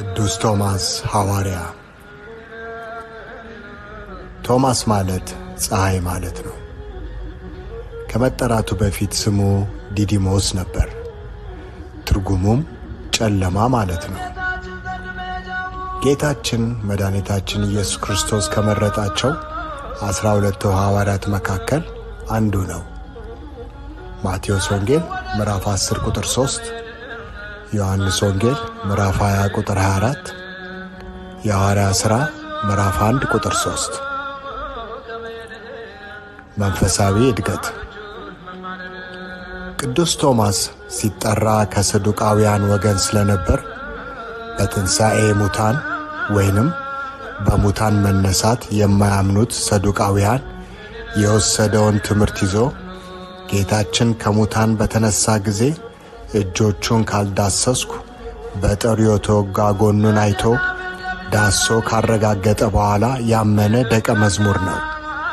ቅዱስ ቶማስ ሐዋርያ። ቶማስ ማለት ፀሐይ ማለት ነው። ከመጠራቱ በፊት ስሙ ዲዲሞስ ነበር። ትርጉሙም ጨለማ ማለት ነው። ጌታችን መድኃኒታችን ኢየሱስ ክርስቶስ ከመረጣቸው አስራ ሁለቱ ሐዋርያት መካከል አንዱ ነው። ማቴዎስ ወንጌል ምዕራፍ 10 ቁጥር 3 ዮሐንስ ወንጌል ምዕራፍ 20 ቁጥር 24፣ የሐዋርያ ሥራ ምዕራፍ 1 ቁጥር 3። መንፈሳዊ እድገት ቅዱስ ቶማስ ሲጠራ ከሰዱቃውያን ወገን ስለነበር በትንሣኤ ሙታን ወይንም በሙታን መነሳት የማያምኑት ሰዱቃውያን የወሰደውን ትምህርት ይዞ ጌታችን ከሙታን በተነሳ ጊዜ እጆቹን ካልዳሰስኩ በጥር የተወጋ ጎኑን አይቶ ዳሶ ካረጋገጠ በኋላ ያመነ ደቀ መዝሙር ነው።